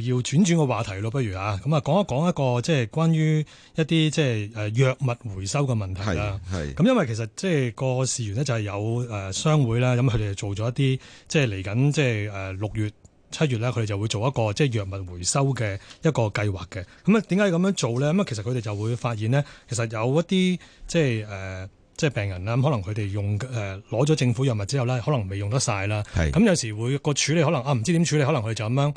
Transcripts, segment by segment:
要轉轉個話題咯，不如啊，咁啊講一講一個即係關於一啲即係誒藥物回收嘅問題啦。係，咁因為其實即係個事源呢，就係有誒商會啦，咁佢哋就做咗一啲即係嚟緊即係誒六月七月咧，佢哋就會做一個即係藥物回收嘅一個計劃嘅。咁啊，點解咁樣做咧？咁啊，其實佢哋就會發現呢，其實有一啲即係誒即係病人啦，可能佢哋用誒攞咗政府藥物之後咧，可能未用得晒啦。咁是有時會個處理可能啊，唔知點處理，可能佢哋就咁樣。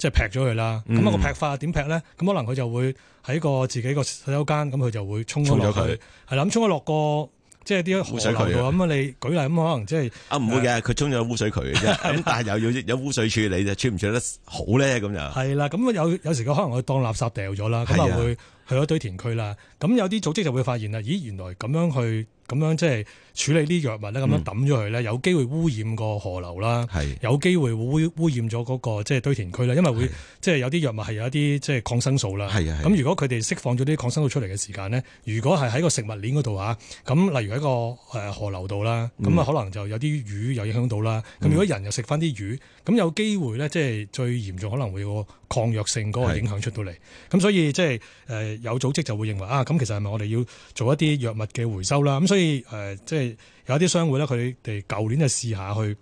即係劈咗佢啦，咁啊、嗯、個劈法點劈咧？咁可能佢就會喺個自己個洗手間，咁佢就會沖咗佢。去，係咁沖咗落個即係啲污水渠喎。咁啊，你舉例咁可能即、就、係、是、啊唔會嘅，佢、呃、沖咗污水渠嘅啫。咁 但係又要有污水處理就 處唔處得好咧？咁就。係啦。咁有有時佢可能佢當垃圾掉咗啦，咁啊的會。去咗堆填區啦，咁有啲組織就會發現啦，咦，原來咁樣去咁樣即係處理啲藥物咧，咁、嗯、樣抌咗佢咧，有機會污染個河流啦，是有機會污污染咗嗰個即係堆田區啦，因為會是即係有啲藥物係有一啲即係抗生素啦。咁如果佢哋釋放咗啲抗生素出嚟嘅時間咧，如果係喺個食物鏈嗰度嚇，咁例如喺個河流度啦，咁啊可能就有啲魚有影響到啦。咁如果人又食翻啲魚。咁有機會咧，即係最嚴重可能會有個抗藥性嗰個影響出到嚟。咁是的 所以即係、呃、有組織就會認為啊，咁其實係咪我哋要做一啲藥物嘅回收啦？咁所以即係、呃就是、有一啲商會咧，佢哋舊年就試下去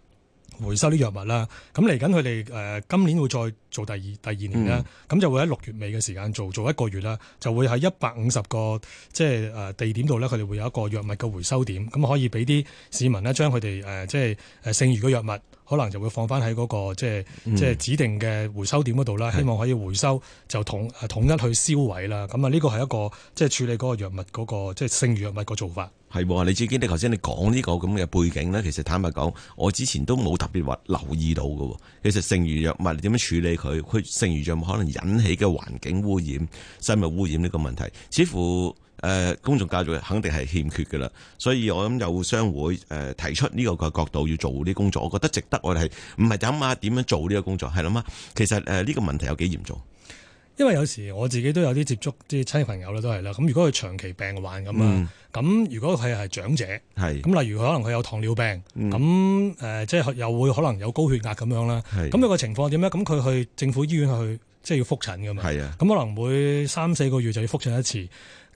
回收啲藥物啦。咁嚟緊佢哋今年會再做第二第二年啦，咁、嗯、就會喺六月尾嘅時間做做一個月啦，就會喺一百五十個即係誒地點度咧，佢哋會有一個藥物嘅回收點，咁可以俾啲市民咧將佢哋誒即係誒剩餘嘅藥物，可能就會放翻喺嗰個即係即係指定嘅回收點嗰度啦。嗯、希望可以回收就統統一去銷毀啦。咁啊呢個係一個即係、就是、處理嗰個藥物嗰個即係剩餘藥物個做法。係你自己你頭先你講呢個咁嘅背景咧，其實坦白講我之前都冇特別話留意到嘅。其實剩餘藥物你點樣處理？佢佢剩餘有可能引起嘅環境污染、生物污染呢個問題，似乎誒、呃、公眾教育肯定係欠缺嘅啦。所以我諗有商會誒提出呢個個角度要做啲工作，我覺得值得我哋唔係諗下點樣做呢個工作，係諗嘛，其實誒呢個問題有幾嚴重。因為有時我自己都有啲接觸啲親戚朋友啦都係啦。咁如果佢長期病患咁啊，咁、嗯、如果佢係長者，咁是，例如佢可能佢有糖尿病，咁誒、嗯，即係又會可能有高血壓咁樣啦。咁是有個情況點咧？咁佢去政府醫院去，即係要複診噶嘛。係啊，咁可能會三四個月就要複診一次。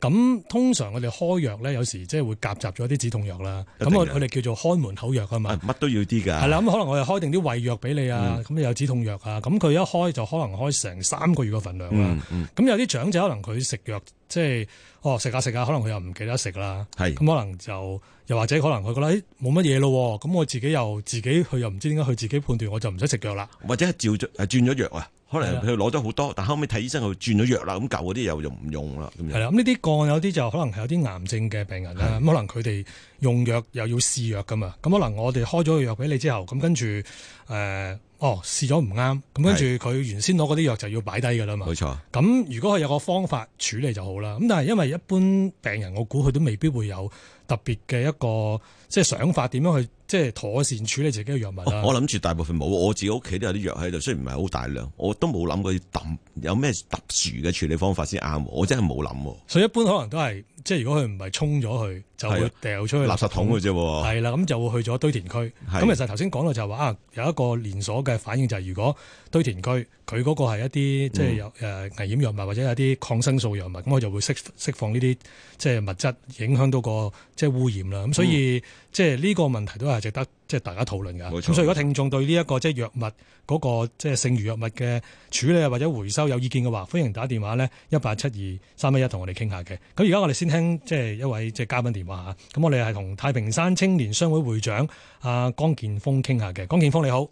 咁通常我哋開藥咧，有時即係會夾雜咗啲止痛藥啦。咁我佢哋叫做開門口藥啊嘛。乜都要啲㗎。係啦，咁可能我哋開定啲胃藥俾你啊，咁、嗯、又有止痛藥啊。咁佢一開就可能開成三個月嘅份量啦。咁、嗯嗯、有啲長者可能佢食藥，即、就、係、是、哦食下食下，可能佢又唔記得食啦。咁係可能就又或者可能佢覺得冇乜嘢咯，咁、哎、我自己又自己佢又唔知點解佢自己判斷，我就唔使食藥啦。或者係照轉誒轉咗藥啊。可能佢攞咗好多，但後尾睇醫生佢轉咗藥啦，咁舊嗰啲又就唔用啦？係啦，咁呢啲個案有啲就可能係有啲癌症嘅病人啦，咁的可能佢哋用藥又要試藥噶嘛，咁可能我哋開咗個藥俾你之後，咁跟住誒、呃、哦試咗唔啱，咁跟住佢原先攞嗰啲藥就要擺低噶啦嘛，冇錯的。咁如果佢有個方法處理就好啦，咁但係因為一般病人我估佢都未必會有。特別嘅一個即係想法，點樣去即係妥善處理自己嘅藥物啦？Oh, 我諗住大部分冇，我自己屋企都有啲藥喺度，雖然唔係好大量，我都冇諗過要揼，有咩特殊嘅處理方法先啱。我真係冇諗。所以一般可能都係即係如果佢唔係沖咗去。就會掉出去垃圾桶嘅啫，係啦、啊，咁就會去咗堆填區。咁的其實頭先講到就係話啊，有一個連鎖嘅反應、就是，就係如果堆填區佢嗰個係一啲即係有誒危險藥物或者有啲抗生素藥物，咁我就會釋釋放呢啲即係物質，影響到個即係污染啦。咁所以即係呢個問題都係值得即係大家討論㗎。咁錯所以如果聽眾對呢一個即係藥物嗰、那個即係剩餘藥物嘅處理或者回收有意見嘅話，歡迎打電話咧一八七二三一一同我哋傾下嘅。咁而家我哋先聽即係一位即係嘉賓電話。咁我哋係同太平山青年商會會長阿江健鋒傾下嘅，江健鋒，你好。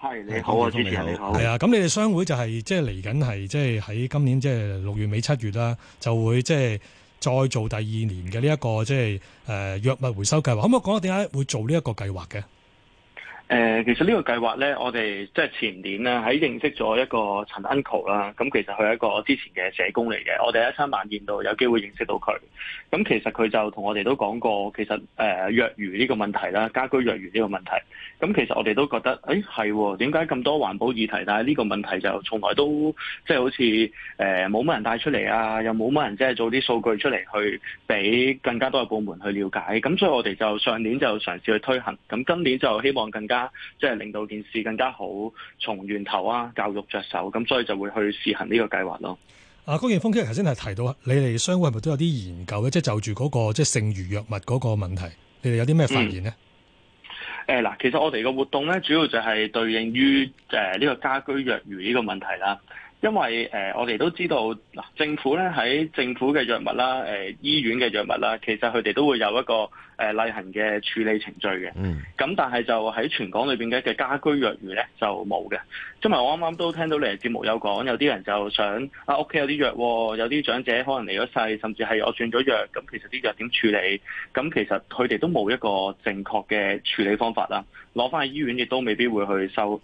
係你好啊，主持人你好。係啊，咁你哋商會就係、是、即係嚟緊係即係喺今年即係六月尾七月啦，就會即係再做第二年嘅呢一個即係誒藥物回收計劃，咁我可唔可以講下點解會做呢一個計劃嘅？誒、呃，其實呢個計劃咧，我哋即係前年咧，喺認識咗一個陳 Uncle 啦、啊。咁其實佢係一個之前嘅社工嚟嘅。我哋一餐晚宴度有機會認識到佢。咁、啊、其實佢就同我哋都講過，其實誒藥餘呢個問題啦，家居藥餘呢個問題。咁、啊、其實我哋都覺得，誒係喎，點解咁多環保議題，但係呢個問題就從來都即係、就是、好似誒冇乜人帶出嚟啊，又冇乜人即係做啲數據出嚟去俾更加多嘅部門去了解。咁、啊、所以我哋就上年就嘗試去推行，咁、啊、今年就希望更加。即係令到件事更加好，從源頭啊教育着手，咁所以就會去試行呢個計劃咯。啊，江健鋒，其實頭先係提到，你哋商會係咪都有啲研究嘅，即係就住嗰、那個即係剩馀藥物嗰個問題，你哋有啲咩發現呢？誒、嗯，嗱、呃，其實我哋嘅活動咧，主要就係對應於誒呢個家居藥餘呢個問題啦。因為誒、呃，我哋都知道政府咧喺政府嘅藥物啦、誒、呃、醫院嘅藥物啦，其實佢哋都會有一個誒、呃、例行嘅處理程序嘅。嗯，咁但係就喺全港裏面嘅嘅家居藥餘咧就冇嘅。因為我啱啱都聽到你哋節目有講，有啲人就想啊，屋企有啲藥，有啲長者可能離咗世，甚至係我轉咗藥，咁其實啲藥點處理？咁其實佢哋都冇一個正確嘅處理方法啦。攞翻去醫院亦都未必會去收。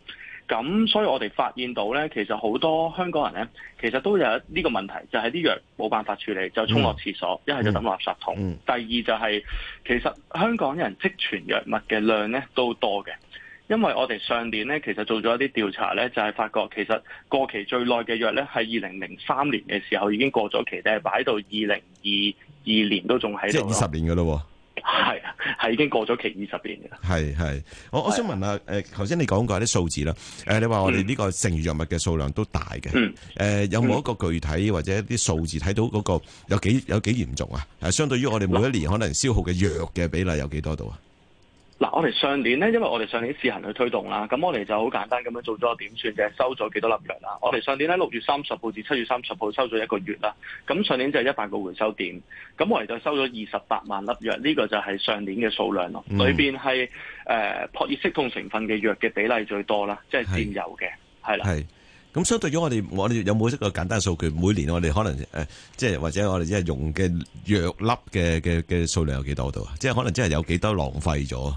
咁所以我哋發現到咧，其實好多香港人咧，其實都有呢個問題，就係、是、啲藥冇辦法處理，就沖落廁所，一係、嗯、就抌落垃圾桶。嗯、第二就係、是、其實香港人積存藥物嘅量咧都多嘅，因為我哋上年咧其實做咗一啲調查咧，就係、是、發覺其實過期最耐嘅藥咧，係二零零三年嘅時候已經過咗期，但、就、係、是、擺到二零二二年都仲喺度。即係二十年㗎咯喎！係，係已經過咗期二十年嘅。係係，我我想問下，誒、呃，頭先你講過啲數字啦，誒、呃，你話我哋呢個剩餘藥物嘅數量都大嘅，誒、嗯呃，有冇一個具體或者啲數字睇到嗰個有幾有幾嚴重啊？係相對於我哋每一年可能消耗嘅藥嘅比例有幾多度啊？嗱，我哋上年咧，因為我哋上年試行去推動啦，咁我哋就好簡單咁樣做咗點算，就係收咗幾多粒藥啦。我哋上年咧六月三十號至七月三十號收咗一個月啦，咁上年就係一百個回收點，咁我哋就收咗二十八萬粒藥，呢個就係上年嘅數量咯，裏、嗯、面係誒撲熱息痛成分嘅藥嘅比例最多啦，即係佔有嘅，係啦。咁相對於我哋，我哋有冇一個簡單數據？每年我哋可能誒，即係或者我哋即係用嘅藥粒嘅嘅嘅數量有幾多度啊？即係可能即係有幾多浪費咗？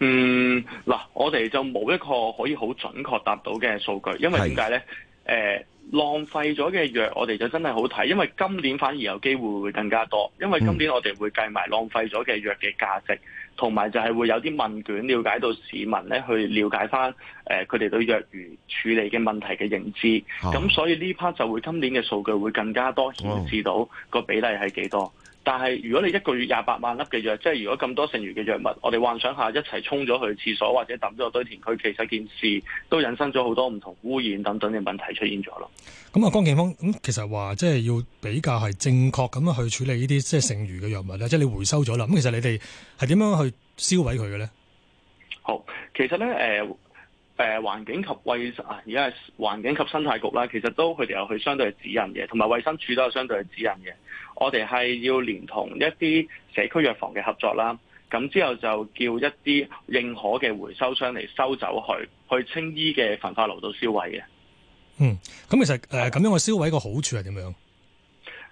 嗯，嗱，我哋就冇一個可以好準確答到嘅數據，因為點解咧？誒。浪費咗嘅藥，我哋就真係好睇，因為今年反而有機會會更加多，因為今年我哋會計埋浪費咗嘅藥嘅價值，同埋就係會有啲問卷了解到市民咧，去了解翻，誒佢哋對藥餘處理嘅問題嘅認知，咁、啊、所以呢 part 就會今年嘅數據會更加多顯示到個比例係幾多。但係，如果你一個月廿八萬粒嘅藥，即係如果咁多剩餘嘅藥物，我哋幻想一下一齊沖咗去廁所，或者抌咗落堆填區，其實件事都引申咗好多唔同污染等等嘅問題出現咗咯。咁啊、嗯，江健鋒，咁、嗯、其實話即係要比較係正確咁樣去處理呢啲即係剩餘嘅藥物咧，即係你回收咗啦。咁、嗯、其實你哋係點樣去燒毀佢嘅咧？好，其實咧，誒、呃。誒、呃、環境及衞啊，而家係環境及生態局啦，其實都佢哋有佢相對嘅指引嘅，同埋衞生署都有相對嘅指引嘅。我哋係要連同一啲社區藥房嘅合作啦，咁之後就叫一啲認可嘅回收商嚟收走佢，去青衣嘅焚化爐度燒毀嘅、嗯。嗯，咁其實誒咁、呃、樣嘅燒毀嘅好處係點樣？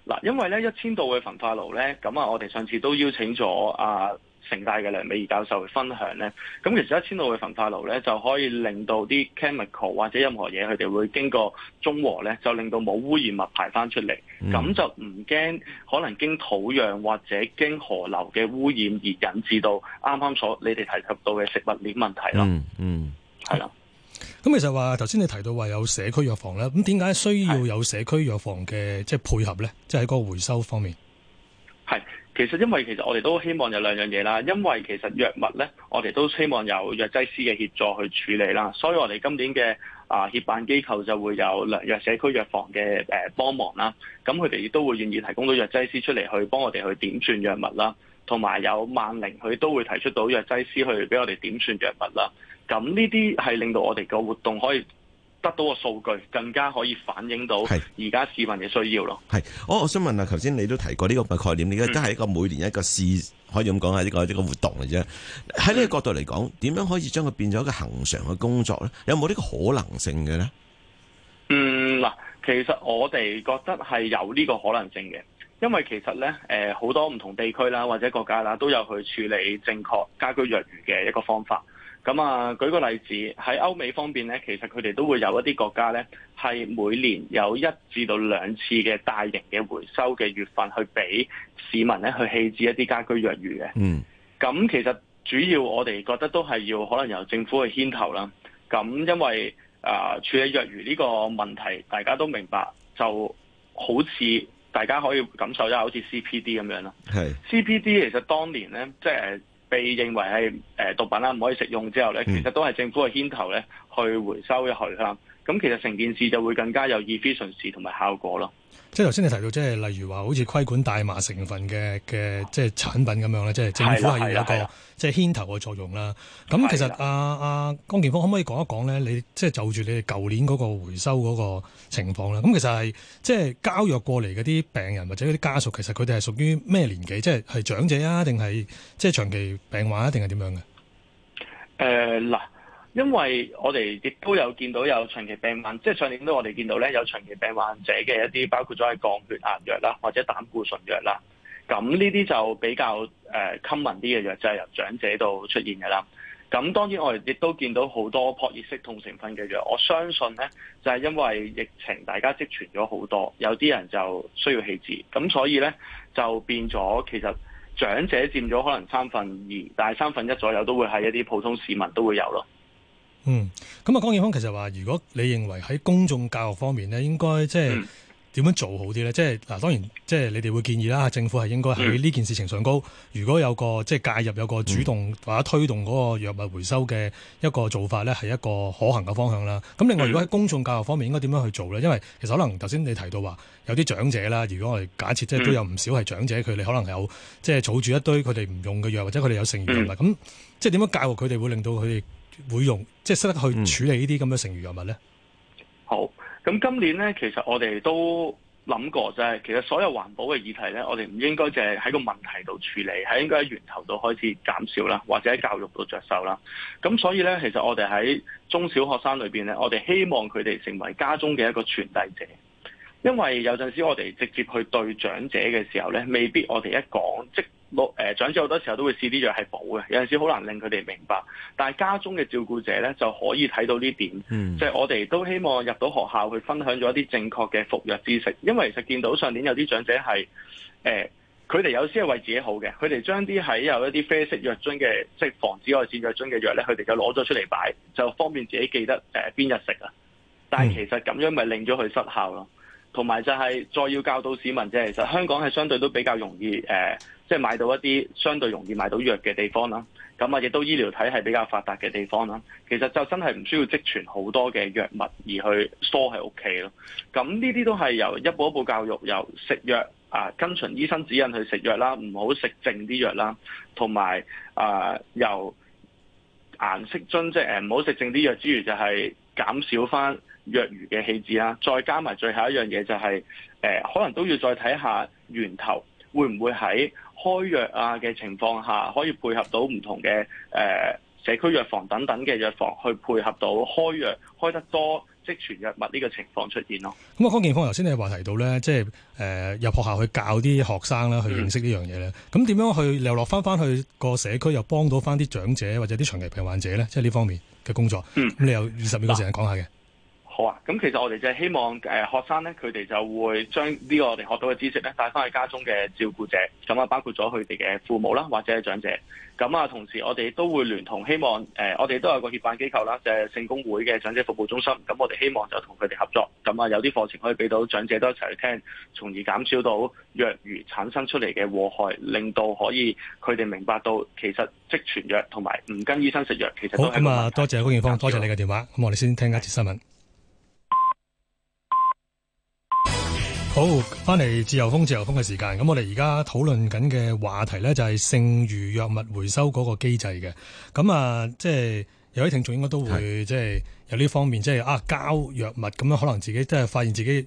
嗱，因為咧一千度嘅焚化爐咧，咁啊，我哋上次都邀請咗啊。呃城大嘅梁美儀教授分享咧，咁其實一千度嘅焚化爐咧就可以令到啲 chemical 或者任何嘢，佢哋會經過中和咧，就令到冇污染物排翻出嚟，咁就唔驚可能經土壤或者經河流嘅污染而引致到啱啱所你哋提及到嘅食物鏈問題咯、嗯。嗯，係啦的。咁其實話頭先你提到話有社區藥房咧，咁點解需要有社區藥房嘅即係配合咧？即係喺嗰個回收方面。係，其實因為其實我哋都希望有兩樣嘢啦，因為其實藥物咧，我哋都希望有藥劑師嘅協助去處理啦，所以我哋今年嘅啊協辦機構就會有良藥社區藥房嘅誒幫忙啦，咁佢哋亦都會願意提供到藥劑師出嚟去幫我哋去點算藥物啦，同埋有萬寧佢都會提出到藥劑師去俾我哋點算藥物啦，咁呢啲係令到我哋個活動可以得到嘅數據更加可以反映到而家市民嘅需要咯。係，我、哦、我想問下，頭先你都提過呢個概念，而家都係一個每年一個試，可以咁講，係呢個呢個活動嘅啫。喺呢個角度嚟講，點樣可以將佢變咗一個恒常嘅工作呢？有冇呢個可能性嘅呢？嗯，嗱，其實我哋覺得係有呢個可能性嘅，因為其實呢，誒、呃，好多唔同地區啦或者國家啦都有去處理正確家居藥餘嘅一個方法。咁啊，舉個例子，喺歐美方面咧，其實佢哋都會有一啲國家咧，係每年有一至到兩次嘅大型嘅回收嘅月份，去俾市民咧去棄置一啲家居藥餘嘅。嗯，咁其實主要我哋覺得都係要可能由政府去牽頭啦。咁因為啊、呃、處理藥餘呢個問題，大家都明白，就好似大家可以感受一下，好似 CPD 咁樣啦。是 CPD 其實當年咧，即係。被認為係誒毒品啦，唔可以食用之後咧，嗯、其實都係政府嘅牽頭咧，去回收一去啦。咁其實成件事就會更加有 efficiency 同埋效果咯。即係頭先你提到，即係例如話，好似規管大麻成分嘅嘅即係產品咁樣咧，即係政府係要有一個即係牽頭嘅作用啦。咁其實阿阿江健鋒可唔可以講一講咧？你即係就住你哋舊年嗰個回收嗰個情況咧？咁其實係即係交約過嚟嗰啲病人或者嗰啲家屬，其實佢哋係屬於咩年紀？即係係長者啊，定係即係長期病患啊，定係點樣嘅？誒，嗱。因為我哋亦都有見到有長期病患，即係上年都我哋見到咧，有長期病患者嘅一啲包括咗係降血壓藥啦，或者膽固醇藥啦，咁呢啲就比較誒 common 啲嘅藥，就係由長者度出現嘅啦。咁當然我哋亦都見到好多撲熱息痛成分嘅藥，我相信咧，就係因為疫情大家積存咗好多，有啲人就需要棄置，咁所以咧，就變咗其實長者佔咗可能三分二，但係三分一左右都會係一啲普通市民都會有咯。嗯，咁、嗯、啊，江建康，其實話，如果你認為喺公眾教育方面咧，應該即係點、嗯、樣做好啲呢？即係嗱、啊，當然即係你哋會建議啦。政府係應該喺呢件事情上高，如果有個即係介入，有個主動或者推動嗰個藥物回收嘅一個做法呢，係一個可行嘅方向啦。咁、嗯、另外，如果喺公眾教育方面，應該點樣去做呢？因為其實可能頭先你提到話有啲長者啦，如果我哋假設、嗯、即係都有唔少係長者，佢哋可能有即係儲住一堆佢哋唔用嘅藥，或者佢哋有剩餘藥，咁即係點樣教育佢哋會令到佢哋？會用即係識得去處理呢啲咁嘅剩餘藥物咧、嗯。好，咁今年咧，其實我哋都諗過，就係其實所有環保嘅議題咧，我哋唔應該淨係喺個問題度處理，係應該喺源頭度開始減少啦，或者喺教育度着手啦。咁所以咧，其實我哋喺中小學生裏面咧，我哋希望佢哋成為家中嘅一個傳遞者，因為有陣時我哋直接去對長者嘅時候咧，未必我哋一講即。我誒長者好多時候都會試啲藥係補嘅，有陣時好難令佢哋明白。但係家中嘅照顧者咧，就可以睇到呢點，即係、嗯、我哋都希望入到學校去分享咗一啲正確嘅服藥知識。因為其實見到上年有啲長者係誒，佢、呃、哋有先係為自己好嘅，佢哋將啲喺有一啲啡色藥樽嘅，即、就、係、是、防止外線藥樽嘅藥咧，佢哋就攞咗出嚟擺，就方便自己記得誒邊、呃、日食啊。但係其實咁樣咪令咗佢失效咯。同埋就係再要教導市民啫，其實香港係相對都比較容易、呃即係買到一啲相對容易買到藥嘅地方啦，咁啊亦都醫療體系比較發達嘅地方啦。其實就真係唔需要積存好多嘅藥物而去疏喺屋企咯。咁呢啲都係由一步一步教育，由食藥啊跟從醫生指引去食藥啦，唔好食剩啲藥啦，同埋啊由顏色樽即係誒唔好食剩啲藥之餘，就係減少翻藥餘嘅氣質啦。再加埋最後一樣嘢就係誒可能都要再睇下源頭會唔會喺開藥啊嘅情況下，可以配合到唔同嘅誒、呃、社區藥房等等嘅藥房去配合到開藥，開得多積存藥物呢個情況出現咯。咁啊、嗯，江健鋒頭先你話提到咧，即係誒入學校去教啲學生啦，去認識呢樣嘢咧。咁點樣去流落翻翻去個社區，又幫到翻啲長者或者啲長期病患者咧？即係呢方面嘅工作。咁你有二十秒嘅時間講下嘅。好啊，咁其實我哋就係希望誒學生咧，佢哋就會將呢個我哋學到嘅知識咧，帶翻去家中嘅照顧者，咁啊包括咗佢哋嘅父母啦，或者係長者。咁啊，同時我哋都會聯同希望誒、呃，我哋都有個協辦機構啦，就係聖公會嘅長者服務中心。咁我哋希望就同佢哋合作，咁啊有啲課程可以俾到長者都一齊去聽，從而減少到藥餘產生出嚟嘅禍害，令到可以佢哋明白到其實積存藥同埋唔跟醫生食藥，其實都係一個問題。好，咁啊，多謝江健鋒，少多謝你嘅電話。咁我哋先聽一節新聞。好，翻嚟自由風自由風嘅時間，咁我哋而家討論緊嘅話題呢，就係剩餘藥物回收嗰個機制嘅。咁啊，即係有啲聽眾應該都會即係有呢方面，即係啊交藥物咁樣，可能自己都係發現自己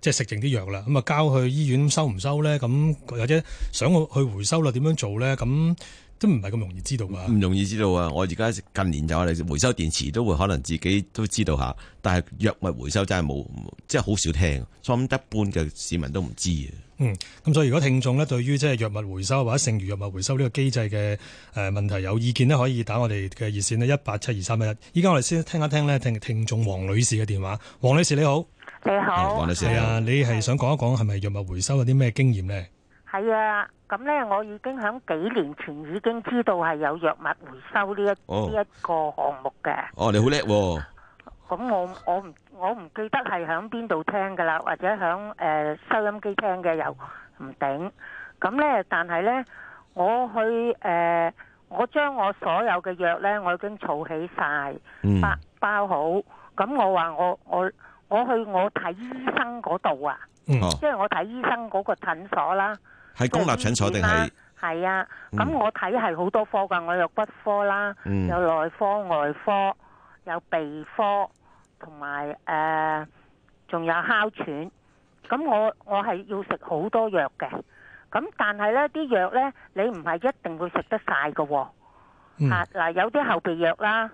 即係食剩啲藥啦。咁啊，交去醫院收唔收呢？咁或者想去回收啦，點樣做呢？咁。都唔係咁容易知道嘛、啊，唔容易知道啊！我而家近年就係我哋回收電池都會可能自己都知道下，但係藥物回收真係冇，即係好少聽，所以一般嘅市民都唔知啊。嗯，咁所以如果聽眾呢對於即係藥物回收或者剩餘藥物回收呢個機制嘅誒、呃、問題有意見呢可以打我哋嘅熱線呢一八七二三一一。依家我哋先聽一聽呢聽聽,聽,聽眾黃女士嘅電話。黃女士你好，你好，黃女士啊，你係想講一講係咪藥物回收有啲咩經驗呢？係啊，咁咧，我已經響幾年前已經知道係有藥物回收呢一呢、oh. 一個項目嘅。Oh, 哦，你好叻喎！咁我我唔我唔記得係響邊度聽噶啦，或者響誒、呃、收音機聽嘅又唔定。咁咧，但係咧，我去誒、呃，我將我所有嘅藥咧，我已經儲起晒，包、嗯、包好。咁我話我我我去我睇醫生嗰度啊，嗯哦、即係我睇醫生嗰個診所啦。係公立診所定係？係啊，咁我睇係好多科噶，我有骨科啦，有內科、外科、有鼻科，同埋誒仲有哮喘。咁我我係要食好多藥嘅，咁但係咧啲藥咧，你唔係一定會食得晒噶。吓，嗱，有啲後備藥啦，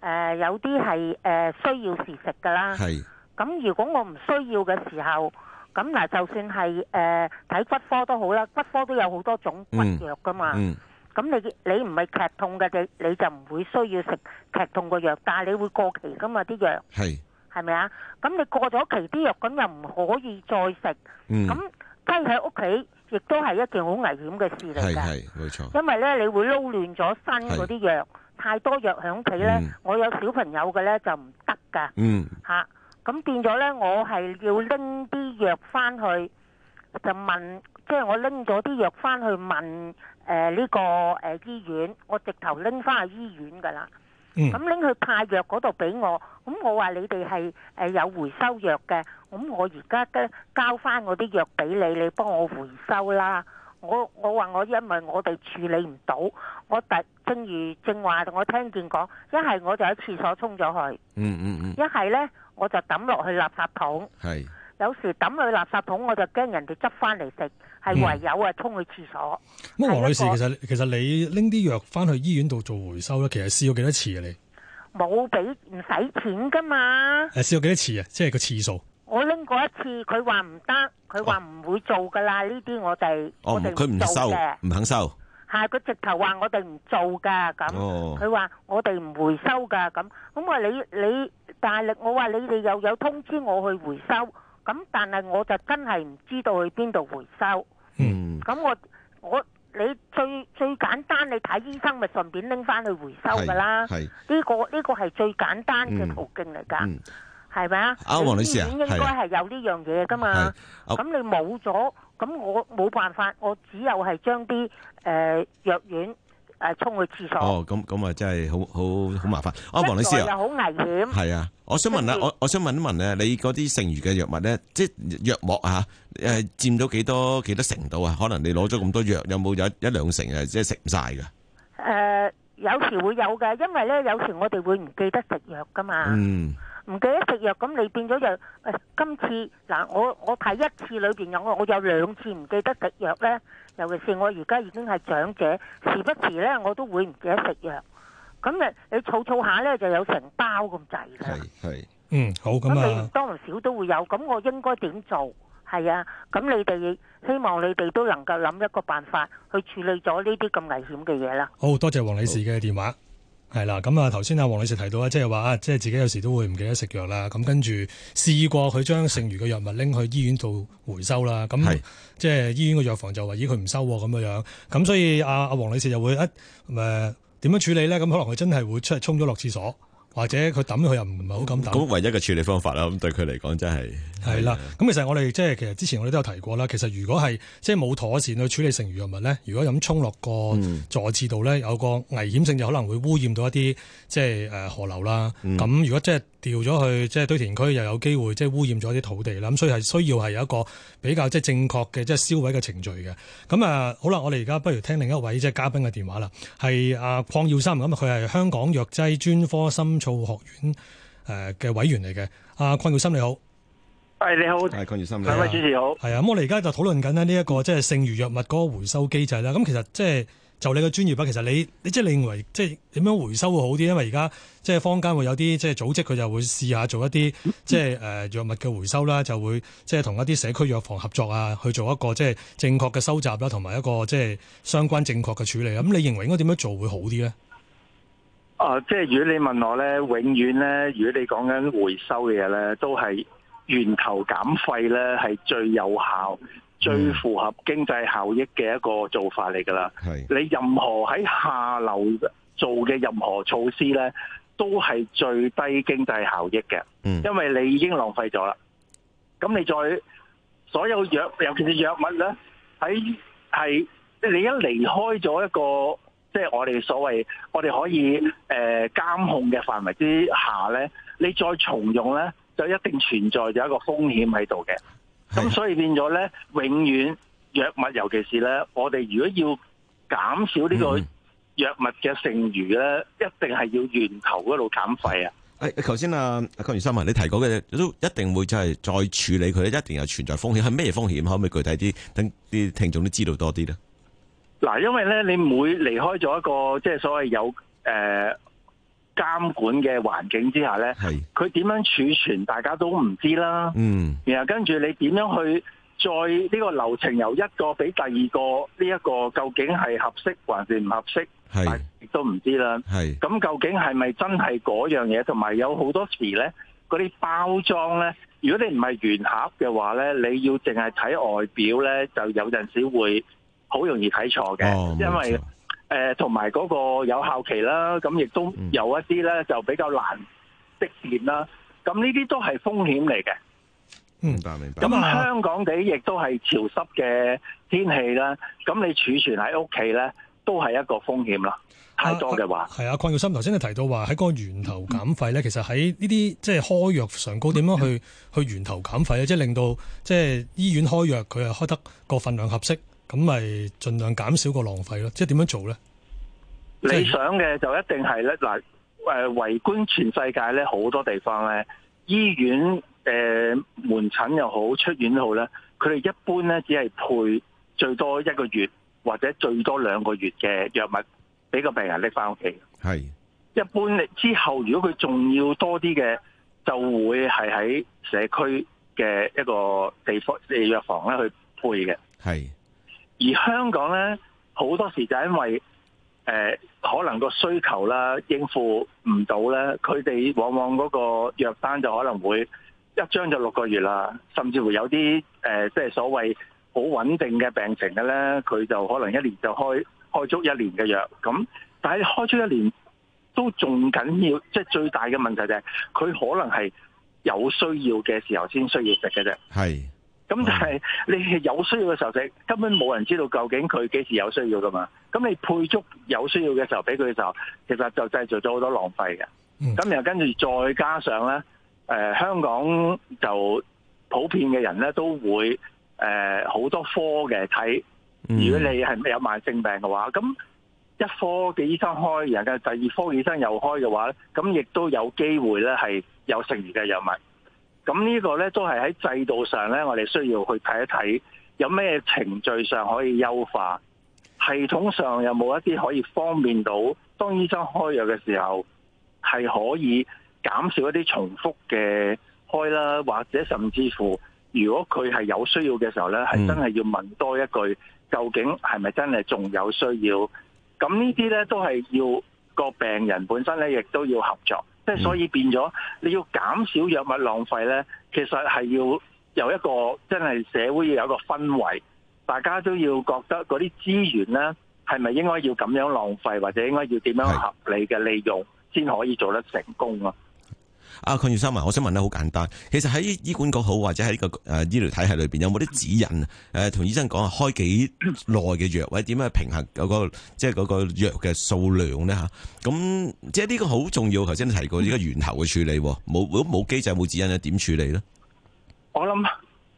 誒有啲係誒需要時食噶啦。係。咁如果我唔需要嘅時候。咁嗱，就算係誒睇骨科都好啦，骨科都有好多種骨藥㗎嘛。咁、嗯嗯、你你唔係劇痛嘅，你你就唔會需要食劇痛嘅藥，但係你會過期㗎嘛啲藥。係是，係咪啊？咁你過咗期啲藥，咁又唔可以再食。咁、嗯、擠喺屋企亦都係一件好危險嘅事嚟㗎。係，冇錯。因為咧，你會撈亂咗新嗰啲藥，是太多藥響屋企咧，嗯、我有小朋友嘅咧就唔得㗎。嗯，啊咁變咗咧，我係要拎啲藥翻去就問，即係我拎咗啲藥翻去問誒呢個誒醫院，我直頭拎翻去醫院㗎啦。嗯。咁拎去派藥嗰度俾我，咁我話你哋係誒有回收藥嘅，咁我而家咧交翻我啲藥俾你，你幫我回收啦。我我話我因為我哋處理唔到，我第正如正話，我聽見講一係我就喺廁所沖咗去，嗯嗯嗯，一係咧。我就抌落去垃圾桶，有時抌去垃圾桶我就驚人哋執翻嚟食，係唯有啊沖去廁所。咁黃女士其實其實你拎啲藥翻去醫院度做回收咧，其實試過幾多次啊你？冇俾唔使錢噶嘛？誒，試過幾多次啊？即係個次數。我拎過一次，佢話唔得，佢話唔會做噶啦。呢啲我哋我哋佢唔收，唔肯收。係佢直頭話我哋唔做噶咁，佢話我哋唔回收噶咁，咁我你你，大力我話你哋又有通知我去回收，咁但係我就真係唔知道去邊度回收。嗯，咁我我你最最簡單，你睇醫生咪順便拎翻去回收噶啦。係呢個呢個係最簡單嘅途徑嚟噶，係咪啊？啊，王女士啊，係應該係有呢樣嘢噶嘛。係咁，你冇咗。咁我冇辦法，我只有係將啲誒藥丸誒沖去廁所。哦，咁咁啊，真係好好好麻煩啊，黃女士。一再又好危險。係啊，我想問下，我我想問一問咧，你嗰啲剩餘嘅藥物咧，即係藥膜啊，誒佔到幾多幾多成度啊？可能你攞咗咁多藥，有冇有一兩成係即係食唔曬㗎？誒有時會有嘅，因為咧有時我哋會唔記得食藥㗎嘛。嗯。唔記得食藥咁，你變咗就誒，今次嗱，我我睇一次裏邊有我，我有兩次唔記得食藥咧。尤其是我而家已經係長者，時不時咧我都會唔記得食藥。咁誒，你儲儲下咧就有成包咁滯啦。係係，嗯好，咁你多同少都會有。咁我應該點做？係啊，咁你哋希望你哋都能夠諗一個辦法去處理咗呢啲咁危險嘅嘢啦。好多謝黃女士嘅電話。係啦，咁啊，頭先阿黃女士提到啊，即係話啊，即係自己有時都會唔記得食藥啦，咁跟住試過佢將剩餘嘅藥物拎去醫院度回收啦，咁即係醫院個藥房就話依佢唔收咁樣樣，咁所以阿阿黃女士就會一誒點樣處理咧？咁可能佢真係會出去沖咗落廁所。或者佢抌佢又唔係好敢抌。咁唯一嘅處理方法啦，咁對佢嚟講真係。係啦，咁其實我哋即係其實之前我哋都有提過啦。其實如果係即係冇妥善去處理剩餘藥物咧，如果咁沖落個座廁度咧，有個危險性就可能會污染到一啲即係河流啦。咁、嗯、如果即係。掉咗去即係堆填區，又有機會即係污染咗啲土地啦，咁所以係需要係有一個比較即係正確嘅即係銷毀嘅程序嘅。咁啊好啦，我哋而家不如聽另一位即係嘉賓嘅電話啦，係阿鄺耀深，咁佢係香港藥劑專科深造學院誒嘅委員嚟嘅。阿鄺耀深你好。係你好，係鄺耀深，兩位主持好。係啊，咁我哋而家就討論緊咧呢一個即係、嗯、剩餘藥物嗰個回收機制啦。咁其實即係。就是就你個專業啊，其實你你即係你認為即係點樣回收會好啲？因為而家即係坊間會有啲即係組織，佢就會試下做一啲即係誒藥物嘅回收啦，就會即係同一啲社區藥房合作啊，去做一個即係、就是、正確嘅收集啦，同埋一個即係、就是、相關正確嘅處理。咁你認為應該點樣做會好啲呢？啊，即係如果你問我呢，永遠呢，如果你講緊回收嘅嘢呢，都係源頭減廢呢，係最有效。最符合經濟效益嘅一個做法嚟㗎啦，係你任何喺下流做嘅任何措施咧，都係最低經濟效益嘅，嗯，因為你已經浪費咗啦。咁你再所有藥，尤其是藥物咧，喺係，你一離開咗一個即係、就是、我哋所謂我哋可以誒、呃、監控嘅範圍之下咧，你再重用咧，就一定存在咗一個風險喺度嘅。咁、嗯、所以變咗咧，永遠藥物尤其是咧，我哋如果要減少呢個藥物嘅剩餘咧，嗯、一定係要源頭嗰度減廢啊！誒、哎，頭先啊，阿江元三啊，你提過嘅嘢都一定會就係再處理佢，一定有存在風險，係咩風險？可唔可以具體啲，等啲聽眾都知道多啲咧？嗱，因為咧，你每離開咗一個即係所謂有誒。呃監管嘅環境之下呢，佢點係樣儲存大家都唔知啦。嗯，然後跟住你點樣去再呢、這個流程由一個俾第二個呢一、這個，究竟係合適還是唔合適，係都唔知啦。係咁係究竟係咪真係嗰樣嘢？同埋有好多時呢，嗰啲包裝呢，如果你唔係原盒嘅話呢，你要淨係睇外表呢，就有陣時會好容易睇錯嘅，哦、因為。誒，同埋嗰個有效期啦，咁亦都有一啲咧、嗯、就比較難識別啦。咁呢啲都係風險嚟嘅。嗯，明白。咁麼香港地亦都係潮濕嘅天氣啦，咁你儲存喺屋企咧都係一個風險啦。太多嘅話。係啊，鄺、啊啊、耀深頭先你提到話喺個源頭減費咧，嗯、其實喺呢啲即係開藥上高點樣去、嗯、去源頭減費咧，即、就、係、是、令到即係、就是、醫院開藥佢係開得個份量合適。咁咪盡量減少個浪費咯，即係點樣做咧？理想嘅就一定係咧嗱，誒、呃、圍觀全世界咧好多地方咧，醫院誒、呃、門診又好，出院都好咧，佢哋一般咧只係配最多一個月或者最多兩個月嘅藥物俾個病人拎翻屋企。係是一般之後，如果佢仲要多啲嘅，就會係喺社區嘅一個地方，即藥房咧去配嘅。係。而香港咧好多時就因為誒、呃、可能個需求啦應付唔到咧，佢哋往往嗰個藥單就可能會一張就六個月啦，甚至乎有啲誒即係所謂好穩定嘅病情嘅咧，佢就可能一年就開開足一年嘅藥。咁但係開足一年都仲緊要，即、就、係、是、最大嘅問題就係、是、佢可能係有需要嘅時候先需要食嘅啫。係。咁就係你有需要嘅時候，就根本冇人知道究竟佢幾時有需要噶嘛。咁你配足有需要嘅時候俾佢嘅時候，其實就製造咗好多浪費嘅。咁、嗯、然後跟住再加上咧，誒、呃、香港就普遍嘅人咧都會誒好、呃、多科嘅睇。如果你係咪有慢性病嘅話，咁一科嘅醫生開，然後第二科醫生又開嘅話咧，咁亦都有機會咧係有剩餘嘅藥物。咁呢個咧都係喺制度上咧，我哋需要去睇一睇有咩程序上可以優化，系統上有冇一啲可以方便到當醫生開藥嘅時候，係可以減少一啲重複嘅開啦，或者甚至乎，如果佢係有需要嘅時候咧，係真係要問多一句，究竟係咪真係仲有需要？咁呢啲咧都係要個病人本身咧，亦都要合作。即係、嗯、所以變咗，你要減少藥物浪費咧，其實係要由一個真係社會要有一個氛圍，大家都要覺得嗰啲資源咧係咪應該要咁樣浪費，或者應該要點樣合理嘅利用，先可以做得成功啊！阿鄺、啊、耀深啊，我想問得好簡單，其實喺醫管局好，或者喺、這個誒、呃、醫療體系裏邊，有冇啲指引誒同、呃、醫生講下，開幾耐嘅藥，或者點樣去平衡嗰、那個即係、就是、個藥嘅數量咧吓？咁即係呢個好重要。頭先提過呢個源頭嘅處理，冇如果冇機制冇指引咧，點處理咧？我諗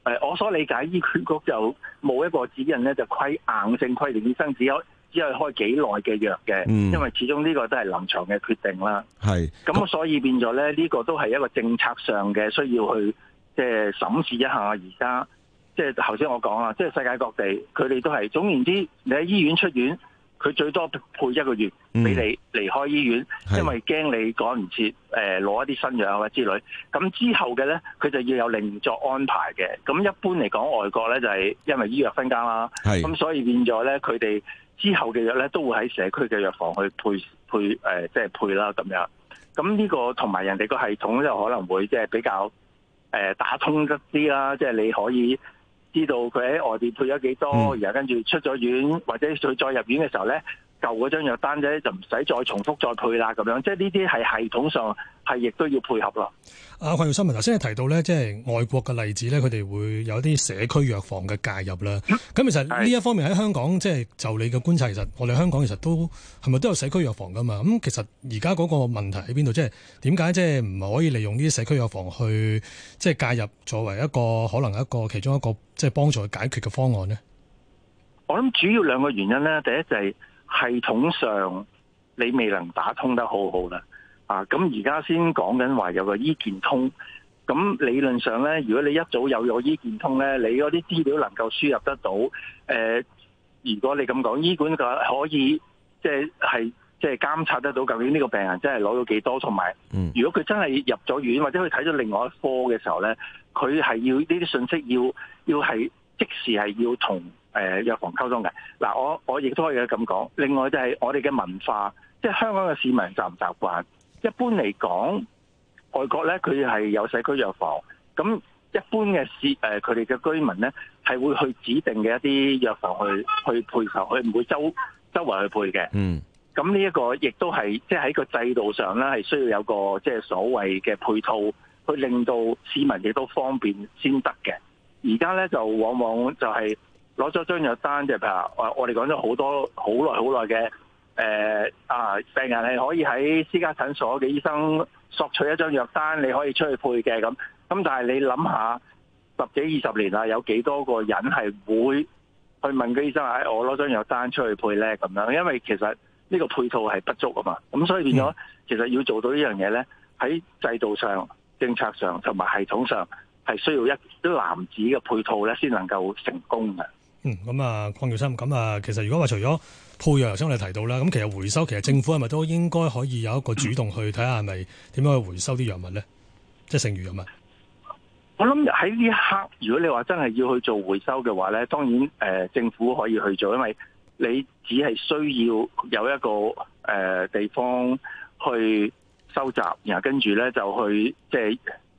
誒，我所理解醫管局就冇一個指引咧，就規硬性規定醫生只有。只係開幾耐嘅藥嘅，因為始終呢個都係臨場嘅決定啦。係咁、嗯，所以變咗咧，呢、呢個都係一個政策上嘅需要去即係審視一下。而家即係頭先我講啦，即係世界各地佢哋都係總言之，你喺醫院出院，佢最多配一個月俾你離開醫院，嗯、因為驚你趕唔切誒攞一啲新藥啊之類。咁之後嘅咧，佢就要有另作安排嘅。咁一般嚟講，外國咧就係、是、因為醫藥分家啦，咁是所以變咗咧佢哋。之後嘅藥咧都會喺社區嘅藥房去配配，誒，即、呃、係、就是，配啦咁樣。咁呢個同埋人哋個系統就可能會即係比較誒、呃、打通一啲啦，即、就、係、是、你可以知道佢喺外邊配咗幾多，然後跟住出咗院或者佢再入院嘅時候咧。舊嗰張藥單咧就唔使再重複再配啦，咁樣即係呢啲係系統上係亦都要配合啦。阿鄺、啊、耀深，文頭先提到咧，即、就、係、是、外國嘅例子咧，佢哋會有啲社區藥房嘅介入啦。咁、嗯、其實呢一方面喺香港，即、就、係、是、就你嘅觀察，其實我哋香港其實都係咪都有社區藥房㗎嘛？咁其實而家嗰個問題喺邊度？即係點解即係唔可以利用呢啲社區藥房去即係、就是、介入作為一個可能一個其中一個即係、就是、幫助解決嘅方案呢？我諗主要兩個原因咧，第一就係、是。系統上你未能打通得好好啦，啊咁而家先講緊話有個醫健通，咁理論上咧，如果你一早有咗醫健通咧，你嗰啲資料能夠輸入得到，誒、呃，如果你咁講，醫管嘅可以，即係係即係監察得到究竟呢個病人真係攞咗幾多，同埋，如果佢真係入咗院或者佢睇咗另外一科嘅時候咧，佢係要呢啲信息要要係即時係要同。誒藥房溝通嘅嗱，我我亦都可以咁講。另外就係我哋嘅文化，即係香港嘅市民習唔習慣？一般嚟講，外國咧佢係有社區藥房，咁一般嘅市誒佢哋嘅居民咧係會去指定嘅一啲藥房去去配藥，佢唔會周周圍去配嘅。嗯，咁呢、就是、一個亦都係即係喺個制度上咧，係需要有個即係、就是、所謂嘅配套，去令到市民亦都方便先得嘅。而家咧就往往就係、是。攞咗張藥單就係譬如我我哋講咗好多好耐好耐嘅誒啊，病人係可以喺私家診所嘅醫生索取一張藥單，你可以出去配嘅咁。咁但係你諗下，十幾二十年啦，有幾多個人係會去問佢醫生：哎，我攞張藥單出去配咧？咁樣，因為其實呢個配套係不足啊嘛。咁所以變咗，其實要做到呢樣嘢咧，喺制度上、政策上同埋系統上係需要一啲籃子嘅配套咧，先能夠成功嘅。嗯，咁、嗯、啊，鄺耀深咁啊，其實如果話除咗鋪藥，頭先我哋提到啦，咁其實回收，其實政府係咪都應該可以有一個主動去睇下係咪點樣去回收啲藥物咧，即係、嗯、剩餘藥物。我諗喺呢一刻，如果你話真係要去做回收嘅話咧，當然誒、呃，政府可以去做，因為你只係需要有一個誒、呃、地方去收集，然後跟住咧就去即係、就是、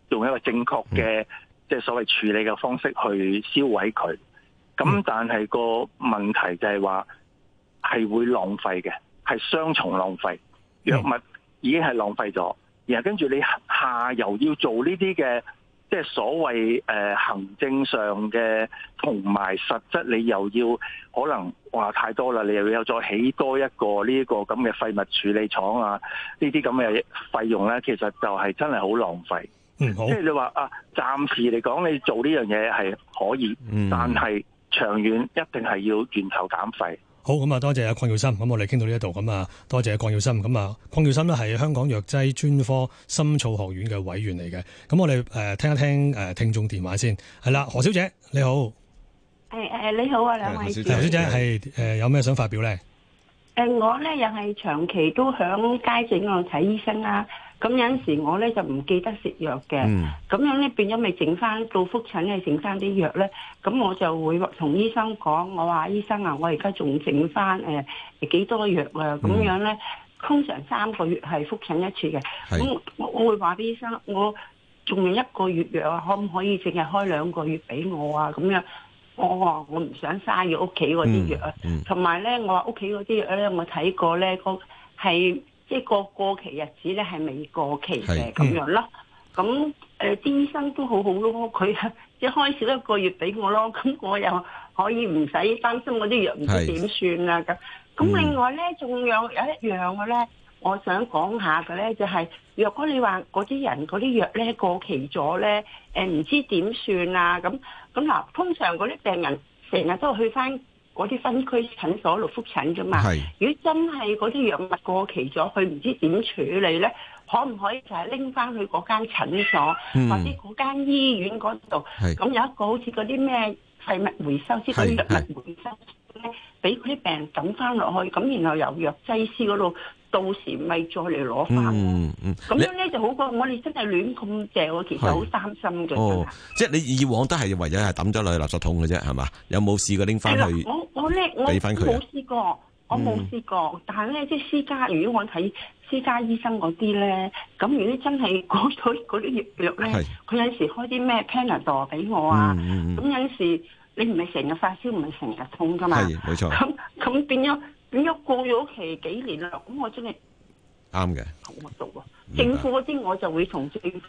用一個正確嘅即係所謂處理嘅方式去銷毀佢。咁、嗯、但係個問題就係話係會浪費嘅，係雙重浪費。藥物已經係浪費咗，然後跟住你下游要做呢啲嘅，即係所謂誒、呃、行政上嘅，同埋實質你又要可能話太多啦，你又要再起多一個呢個咁嘅廢物處理廠啊，這這呢啲咁嘅費用咧，其實就係真係好浪費。嗯，即係你話啊，暫時嚟講你做呢樣嘢係可以，嗯、但係。長遠一定係要源頭減廢。好，咁啊，多謝阿鄺耀深。咁我哋傾到呢一度，咁啊，多謝阿鄺耀深。咁啊，鄺耀深咧，係香港藥劑專科深造學院嘅委員嚟嘅。咁我哋誒、呃、聽一聽誒、呃、聽眾電話先。係啦，何小姐你好。誒誒、哎哎，你好啊，兩位、哎。何小姐係誒、呃，有咩想發表咧？誒、哎，我咧又係長期都響街整度睇醫生啦、啊。咁有陣時我咧就唔記得食藥嘅，咁、嗯、樣咧變咗咪整返到覆診嘅整返啲藥咧，咁我就會同醫生講，我話醫生啊，我而家仲整返誒幾多藥啊，咁、嗯、樣咧通常三個月係覆診一次嘅，咁是我，我會話俾醫生，我仲有一個月藥，可唔可以淨係開兩個月俾我啊？咁樣我話我唔想嘥咗屋企嗰啲藥啊，同埋咧我話屋企嗰啲藥咧我睇過咧個係。一個過期日子咧，係未過期嘅，咁、嗯、樣咯，咁誒啲醫生都好好咯，佢即係開少一個月俾我咯，咁我又可以唔使擔心嗰啲藥唔知點算啦咁。咁是另外咧仲有有一樣嘅咧，我想講下嘅咧就係、是，若果你話嗰啲人嗰啲藥咧過期咗咧，誒、呃、唔知點算啊咁。咁嗱，通常嗰啲病人成日都去翻。嗰啲分區診所度覆診㗎嘛，是如果真係嗰啲藥物過期咗，佢唔知點處理咧，可唔可以就係拎返去嗰間診所、嗯、或者嗰間醫院嗰度？咁是有一個好似嗰啲咩廢物回收即係嘅藥物回收。是道俾啲病人抌翻落去，咁然後由藥劑師嗰度到時咪再嚟攞翻。咁、嗯嗯、樣咧就好過你我哋真係亂咁掉，我其實好擔心嘅。哦，吧即係你以往都係唯一係抌咗落垃圾桶嘅啫，係嘛？有冇試過拎翻去？我我我冇試過，我冇試過。嗯、但係咧，即係私家，如果我睇私家醫生嗰啲咧，咁如果真係嗰啲嗰啲藥藥咧，佢是有時候開啲咩 Panadol 俾我啊，咁、嗯、有時候。你唔係成日發燒，唔係成日痛噶嘛？係，冇錯。咁變咗變咗過咗期幾年啦？咁我真係啱嘅。好核讀啊！政府嗰啲我就會同政府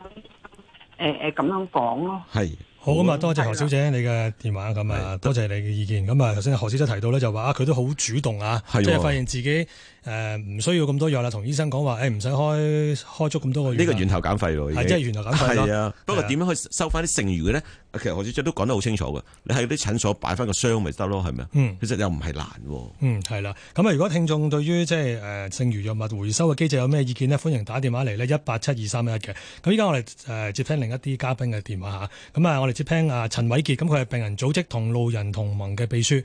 誒誒咁樣講咯。係是好咁啊、嗯！多謝何小姐你嘅電話，咁啊的多謝你嘅意見。咁啊頭先何小姐提到咧，就話啊佢都好主動啊，即係的發現自己。誒，唔、呃、需要咁多藥啦，同醫生講話，誒唔使開開足咁多個藥。呢個源頭減廢咯，已經即係、就是、源頭減廢啊，啊啊不過點樣去收翻啲剩餘嘅咧？其實我哋即都講得好清楚嘅，你喺啲診所擺翻個箱咪得咯，係咪啊？嗯，其實又唔係難、啊。嗯，係啦。咁啊，如果聽眾對於即係誒剩餘藥物回收嘅機制有咩意見呢？歡迎打電話嚟呢，一八七二三一嘅。咁依家我哋誒接聽另一啲嘉賓嘅電話嚇。咁啊，我哋接聽阿陳偉傑，咁佢係病人組織同路人同盟嘅秘書。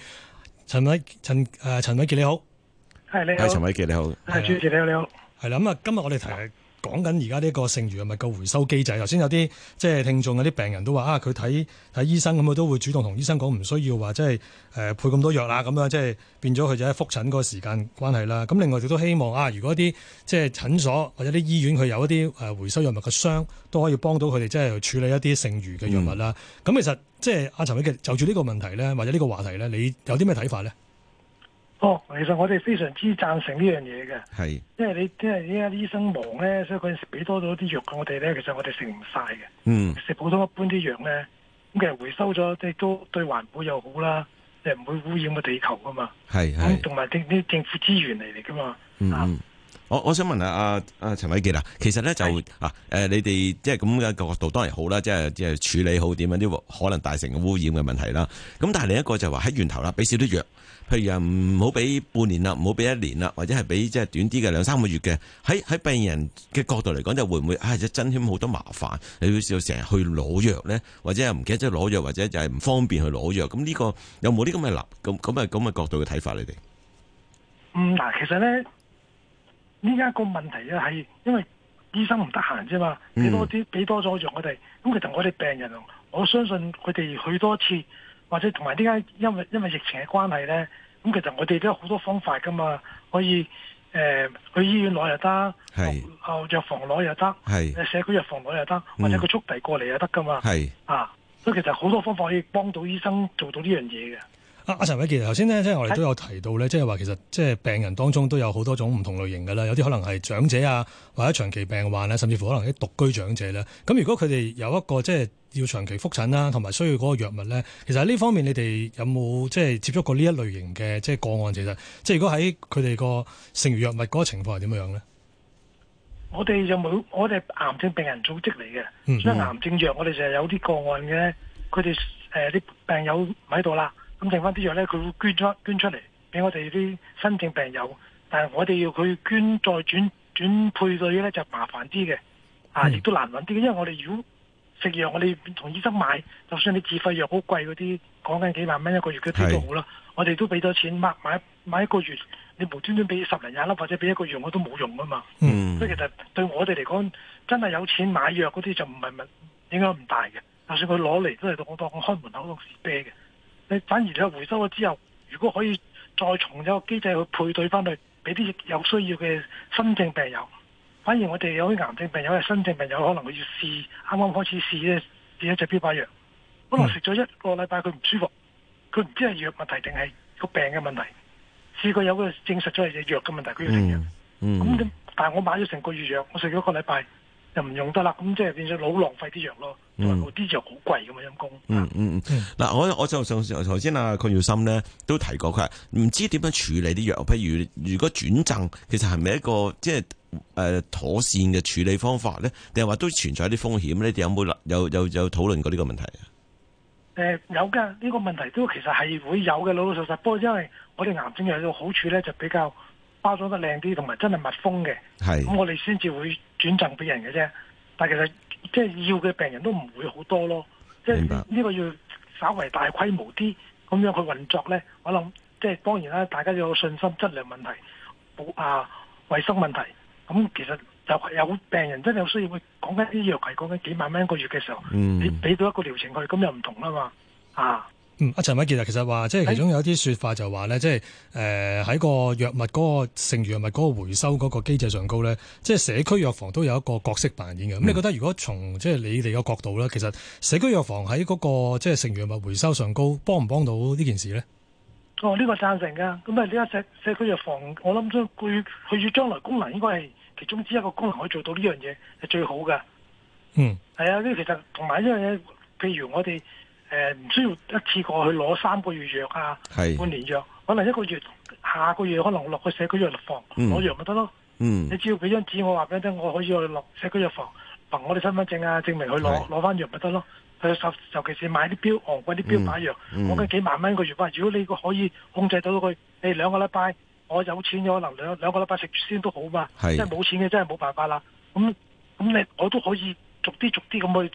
陳偉陳誒、呃、陳偉傑你好。係你好。陳偉傑你好。係主持你好，你好。係啦，咁啊，今日我哋提講緊而家呢個剩餘藥物回收機制。頭先有啲即係聽眾有啲病人都話啊，佢睇睇醫生咁佢都會主動同醫生講唔需要話即係誒配咁多藥啦，咁啊，即係變咗佢就喺復診嗰個時間關係啦。咁另外亦都希望啊，如果啲即係診所或者啲醫院佢有一啲誒、呃、回收藥物嘅箱，都可以幫到佢哋即係處理一啲剩餘嘅藥物啦。咁、嗯、其實即係阿陳偉傑就住呢個問題咧，或者呢個話題咧，你有啲咩睇法咧？哦，其實我哋非常之贊成呢樣嘢嘅，係是，因為你即係依家醫生忙咧，所以佢有時俾多咗啲藥我哋咧，其實我哋食唔晒嘅，食、嗯、普通一般啲藥咧，咁其實回收咗亦都對環保又好啦，又唔會污染個地球噶嘛，係同埋政政府資源嚟嚟噶嘛。嗯、啊我我想問下阿，阿陳偉傑啦，其實咧就啊誒，你哋即係咁嘅角度當然好啦，即係即係處理好點樣啲可能大成嘅污染嘅問題啦。咁但係另一個就係話喺源頭啦，俾少啲藥，譬如唔好俾半年啦，唔好俾一年啦，或者係俾即係短啲嘅兩三個月嘅。喺喺病人嘅角度嚟講，就會唔會啊，就增添好多麻煩？你要成日去攞藥咧，或者唔記得攞藥，或者就係唔方便去攞藥。咁呢個有冇啲咁嘅咁咁嘅咁嘅角度嘅睇法？你哋嗯，嗱，其實咧。呢家個問題啊，係因為醫生唔得閒啫嘛，俾多啲，俾多咗藥我哋。咁其實我哋病人啊，我相信佢哋去多次，或者同埋呢家因為因為疫情嘅關係咧，咁其實我哋都有好多方法噶嘛，可以誒、呃、去醫院攞又得，係啊是藥房攞又得，係是社區藥房攞又得，或者佢速遞過嚟又得噶嘛，係是啊，所以其實好多方法可以幫到醫生做到呢樣嘢嘅。阿阿、啊、陳偉傑，頭先咧即係我哋都有提到咧，即係話其實即係病人當中都有好多種唔同類型㗎啦，有啲可能係長者啊，或者長期病患咧，甚至乎可能啲獨居長者啦，咁如果佢哋有一個即係要長期覆診啦，同埋需要嗰個藥物咧，其實呢方面你哋有冇即係接觸過呢一類型嘅即係個案？其實，即係如果喺佢哋個剩餘藥物嗰個情況係點樣咧？我哋有冇我哋癌症病人組織嚟嘅，所以癌症藥我哋就係有啲個案嘅，佢哋誒啲病友喺度啦。咁剩翻啲藥咧，佢會捐咗捐出嚟俾我哋啲新症病友，但係我哋要佢捐再轉轉配嗰啲咧就麻煩啲嘅，嗯、啊，亦都難搵啲嘅，因為我哋如果食藥，我哋同醫生買，就算你自費藥好貴嗰啲，講緊幾萬蚊一個月佢是都好啦，我哋都俾咗錢買買買一個月，你無端端俾十零廿粒或者俾一個月我都冇用㗎嘛，嗯，所以其實對我哋嚟講，真係有錢買藥嗰啲就唔係唔影響唔大嘅，就算佢攞嚟都係當當看門口士啤嘅。你反而你喺回收咗之後，如果可以再從一個機制去配對翻去，俾啲有需要嘅新症病友。反而我哋有啲癌症病友，係新症病友可剛剛，可能佢要試，啱啱開始試咧，試一隻標靶藥，可能食咗一個禮拜佢唔舒服，佢唔知係藥問題定係個病嘅問題。試過有個證實咗係隻藥嘅問題，佢要停藥。咁、嗯嗯、但係我買咗成個月藥，我食咗一個禮拜。就唔用得啦，咁即係變咗老浪費啲藥咯。同啲藥好貴噶嘛，陰公。嗯嗯嗯。嗱，我我就上頭先啊，鄺耀深咧都提過佢，唔知點樣處理啲藥，譬如如果轉贈，其實係咪一個即係誒妥善嘅處理方法咧？定係話都存在啲風險咧？你哋有冇有有有討論過呢個問題？誒、呃，有噶，呢、這個問題都其實係會有嘅，老老實實。不過因為我哋癌症藥有好處咧，就比較包裝得靚啲，同埋真係密封嘅。係的。咁我哋先至會。轉贈俾人嘅啫，但其實即係要嘅病人都唔會好多咯。明白。即係呢個要稍為大規模啲，咁樣去運作咧，我諗即係當然啦，大家要有信心，質量問題、保啊、衞生問題，咁、嗯、其實有有病人真係有需要，會講緊啲藥係講緊幾萬蚊一個月嘅時候，你俾到一個療程佢，咁又唔同啦嘛，啊！嗯，阿陳偉傑啊，其實話即係其中有一啲說法就話咧，是即係誒，喺個藥物嗰個剩餘藥物嗰個回收嗰個機制上高咧，即係社區藥房都有一個角色扮演嘅。咁、嗯、你覺得如果從即係你哋嘅角度咧，其實社區藥房喺嗰個即係剩餘藥物回收上高，幫唔幫到呢件事咧？哦，呢個贊成噶，咁啊呢家社社區藥房，我諗咗佢佢要將來功能應該係其中之一個功能可以做到呢樣嘢，係最好㗎。嗯，係啊，呢其實同埋一樣嘢，譬如我哋。誒，唔、嗯、需要一次過去攞三個月藥啊，是半年藥，可能一個月，下個月可能落去社區藥房攞藥咪得咯。嗯，嗯，你只要俾張紙，我話俾你聽，我可以落社區藥房憑我哋身份證啊，證明去攞攞翻藥咪得咯。就尤其是買啲標昂貴啲標靶藥，嗯、講緊幾萬蚊一個月包。如果你可以控制到佢，你兩個禮拜，我有錢我可能兩個禮拜食先都好嘛。即係冇錢嘅真係冇辦法啦。咁咁你我都可以逐啲逐啲咁去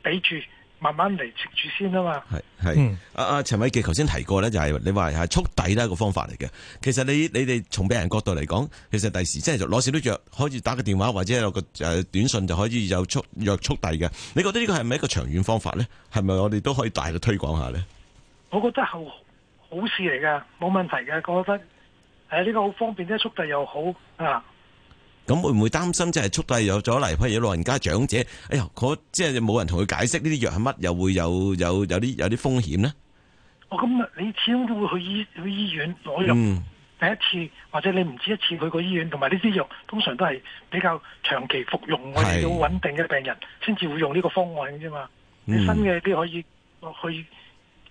俾住。慢慢嚟接住先啊嘛，係係阿阿陳偉傑頭先提過咧，就係、是、你話係速遞呢個方法嚟嘅。其實你你哋從病人角度嚟講，其實第時即係攞少啲藥，可以打個電話或者有個誒短信就可以有速約速遞嘅。你覺得呢個係咪一個長遠方法咧？係咪我哋都可以大嘅推廣下咧？我覺得係好，好事嚟㗎，冇問題嘅。我覺得誒呢、啊這個好方便即，速遞又好啊。咁會唔會擔心，即係速遞有咗嚟，譬如老人家、長者，哎呀，我即係冇人同佢解釋呢啲藥係乜，又會有有有啲有啲風險呢？我咁，你始終都會去醫去醫院攞藥，第一次或者你唔止一次去過醫院，同埋呢啲藥通常都係比較長期服用，我哋要穩定嘅病人，先至會用呢個方案嘅啫嘛。新嘅啲可以去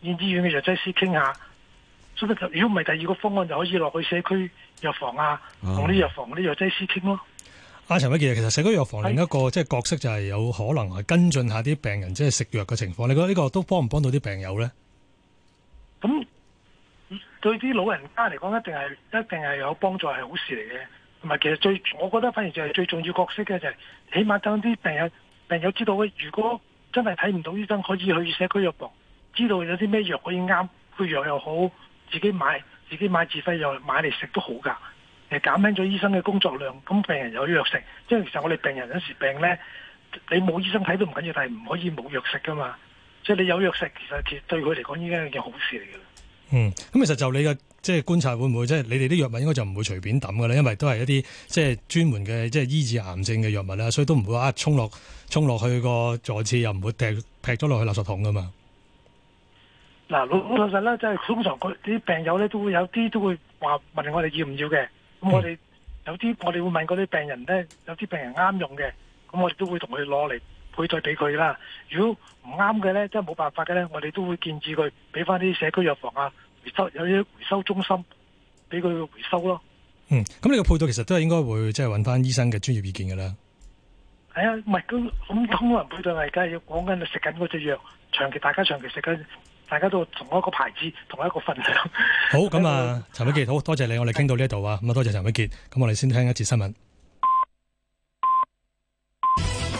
醫院嘅藥劑師傾下。如果唔係第二個方案，就可以落去社區藥房，藥房藥、嗯、啊，同啲藥房啲藥劑師傾咯。阿陳偉傑，其實社區藥房另一個是即係角色就係有可能係跟進一下啲病人，即係食藥嘅情況。你覺得呢個都幫唔幫到啲病友咧？咁、嗯、對啲老人家嚟講，一定係一定係有幫助，係好事嚟嘅。同埋，其實最我覺得反而就係最重要角色嘅就係、是，起碼等啲病友病友知道，如果真係睇唔到醫生，可以去社區藥房，知道有啲咩藥可以啱，配藥又好。自己買自己買自費藥買嚟食都好噶，誒減輕咗醫生嘅工作量，咁病人有藥食，即係其實我哋病人有時病咧，你冇醫生睇都唔緊要，但係唔可以冇藥食噶嘛。即係你有藥食，其實對佢嚟講已經係一件好事嚟嘅。嗯，咁其實就你嘅即係觀察會會，會唔會即係你哋啲藥物應該就唔會隨便抌㗎啦，因為都係一啲即係專門嘅即係醫治癌症嘅藥物啦，所以都唔會啊沖落沖落去個坐廁，又唔會劈咗落去垃圾桶㗎嘛。嗱，老老實實咧，即係通常啲病友咧，都會要要、嗯、有啲都會話問我哋要唔要嘅。咁我哋有啲，我哋會問嗰啲病人咧，有啲病人啱用嘅，咁我哋都會同佢攞嚟配對俾佢啦。如果唔啱嘅咧，即係冇辦法嘅咧，我哋都會建議佢俾翻啲社區藥房啊，回收有啲回收中心俾佢回收咯。嗯，咁你個配對其實都係應該會即係揾翻醫生嘅專業意見嘅啦。係啊，唔係咁咁通用配對嚟噶，要講緊你食緊嗰隻藥，長期大家長期食緊。大家都同一個牌子，同一個分量。好咁啊，陳偉傑， 好多謝你我，我哋傾到呢一度啊。咁啊，多謝陳偉傑。咁我哋先聽一次新聞。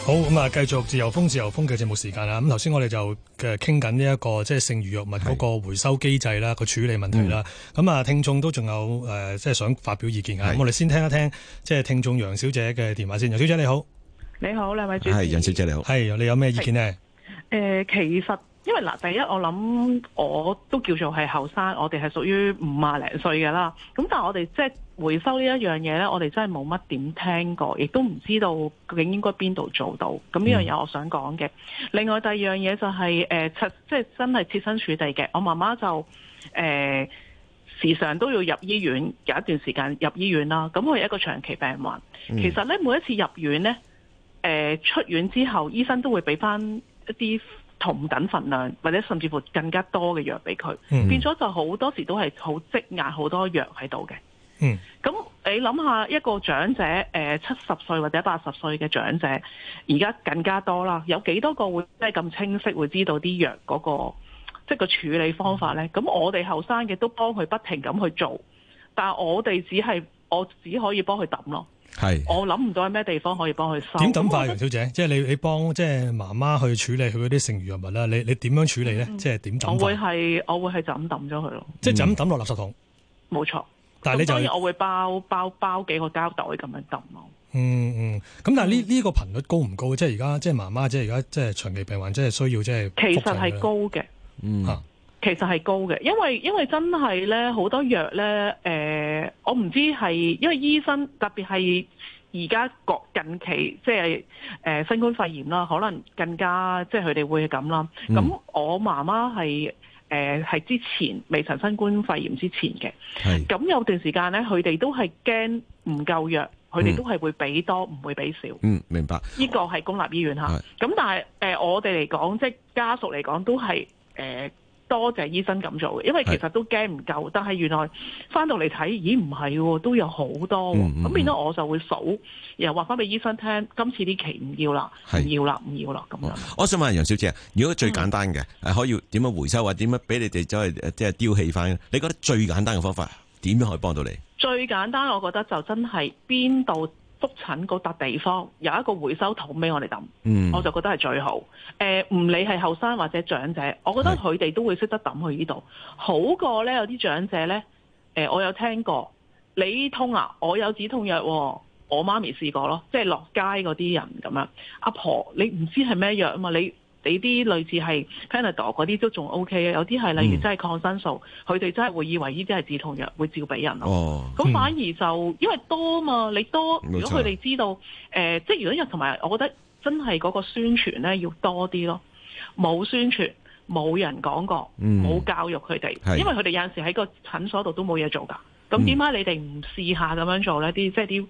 好咁啊，繼續自由風自由風嘅節目時間啦。咁頭先我哋就嘅傾緊呢一個即係剩餘藥物嗰個回收機制啦，個是處理問題啦。咁啊、嗯，聽眾都仲有誒、呃，即係想發表意見啊，咁是我哋先聽一聽，即係聽眾楊小姐嘅電話先。楊小姐你好，你好，你好，梁偉咪？係楊小姐，小姐你好，係你有咩意見呢？誒、欸呃，其實。因為嗱，第一我諗我都叫做係後生，我哋係屬於五啊零歲嘅啦。咁但係我哋即係回收呢一樣嘢呢，我哋真係冇乜點聽過，亦都唔知道究竟應該邊度做到。咁呢樣嘢我想講嘅。嗯、另外第二樣嘢就係、是呃、即係真係切身處地嘅。我媽媽就誒、呃、時常都要入醫院，有一段時間入醫院啦。咁佢係一個長期病患，嗯、其實呢，每一次入院呢，誒、呃、出院之後，醫生都會俾翻一啲。同等份量或者甚至乎更加多嘅藥俾佢，嗯、變咗就好多時都係好積壓好多藥喺度嘅。咁、嗯、你諗下一個長者，誒七十歲或者八十歲嘅長者，而家更加多啦，有幾多個會即係咁清晰會知道啲藥嗰、嗰個即係、即係、個處理方法咧？咁、嗯、我哋後生嘅都幫佢不停咁去做，但係我哋只係我只可以幫佢揼咯。係，是我諗唔到喺咩地方可以幫佢收。點抌法，楊小姐，即係你你幫即係媽媽去處理佢嗰啲剩餘物品啦。你你點樣處理咧？嗯、即係點抌我會係我會係就咁抌咗佢咯。嗯、即係就咁抌落垃圾桶。冇錯錯。但係你當、就、以、是、我會包包包幾個膠袋咁樣抌咯、嗯。嗯嗯。咁、嗯、但係呢呢個頻率高唔高？即係而家即係媽媽即係而家即係長期病患，即係需要即係。其實係高嘅。嗯。嗯其實係高嘅，因為因為真係咧，好多藥咧，誒，我唔知係因為醫生，特別係而家國近期，即係誒、呃、新冠肺炎啦，可能更加即係佢哋會咁啦。咁、嗯、我媽媽係誒係之前未曾新冠肺炎之前嘅，咁是有段時間咧，佢哋都係驚唔夠藥，佢哋都係會俾多，唔會俾少，嗯。嗯，明白。呢個係公立醫院吓，咁是但係誒、呃、我哋嚟講，即係家屬嚟講，都係誒。呃多謝醫生咁做，因為其實都驚唔夠，是的 但係原來翻到嚟睇，咦唔係喎，都有好多咁、嗯嗯嗯、變咗我就會數，然後話翻俾醫生聽，今次啲期唔要啦，唔是的 要啦，唔要啦咁、哦、樣。我想問楊小姐，如果最簡單嘅係、嗯、可以點樣回收或者點樣俾你哋走去即係丟棄翻，你覺得最簡單嘅方法點樣可以幫到你？最簡單，我覺得就真係邊度。復診嗰笪地方有一個回收桶俾我哋抌，嗯、我就覺得係最好。誒、呃，唔理係後生或者長者，我覺得佢哋都會識得抌去呢度，是好過呢，有啲長者呢、呃，我有聽過你痛啊，我有止痛藥、哦，我媽咪試過咯，即係落街嗰啲人咁樣，阿婆，你唔知係咩藥啊嘛你。俾啲類似係 Panadol 嗰啲都仲 O K，有啲係例如真係抗生素，佢哋、嗯、真係會以為依啲係止痛藥會照俾人哦，咁反而就、嗯、因為多嘛，你多如果佢哋知道，誒錯、呃，即如果又同埋，我覺得真係嗰個宣傳咧要多啲咯。冇宣傳，冇人講過，冇、嗯、教育佢哋，是因為佢哋有陣時喺個診所度都冇嘢做㗎。咁點解你哋唔試下咁樣做咧？啲即係啲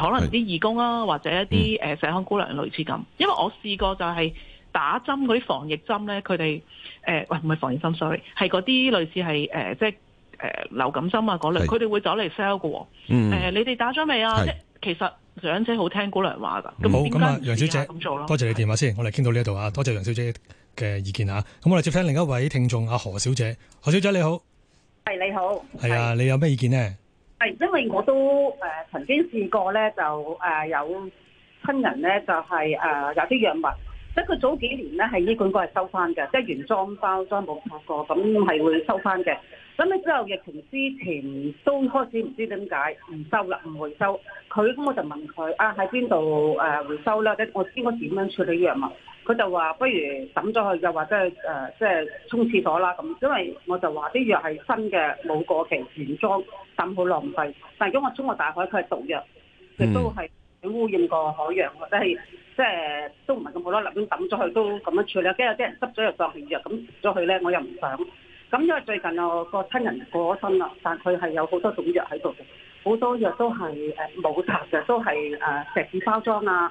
可能啲義工啊，是或者一啲誒社康姑娘類似咁。因為我試過就係、是。打針嗰啲防疫針咧，佢哋誒，喂唔係防疫針，sorry，係嗰啲類似係即係誒流感針啊嗰類，佢哋是會走嚟 sell 㗎喎。你哋打咗未啊？即係是其實長者好聽姑娘話噶，咁好、嗯，咁啊，楊小姐咁做咯，多謝你電話先，是我哋傾到呢一度啊，多謝楊小姐嘅意見啊。咁我嚟接聽另一位聽眾啊，何小姐，何小姐你好，係你好，係啊是，你有咩意見咧？係因為我都誒曾經試過咧，就誒有親人咧、就是，就係誒有啲藥物。即係佢早幾年咧，係醫管局係收翻嘅，即係原裝包裝冇拆過，咁係會收翻嘅。咁你之後，疫情之前都開始唔知點解唔收啦，唔回收。佢咁我就問佢啊，喺邊度誒回收啦？即係我應該點樣處理藥物？佢就話不如抌咗去嘅，或者誒即係沖廁所啦。咁因為我就話啲藥係新嘅，冇過期，原裝抌好浪費。但係如果我沖過大海，佢係毒藥，亦都係，污染過海洋，或者係即係都唔係咁好咯。立亂抌咗佢都咁樣處理，跟住有啲人執咗入當係藥咁食咗佢咧，我又唔想。咁因為最近我個親人過咗身啦，但佢係有好多種藥喺度嘅，好多藥都係誒冇拆嘅，都係誒錫紙包裝啊，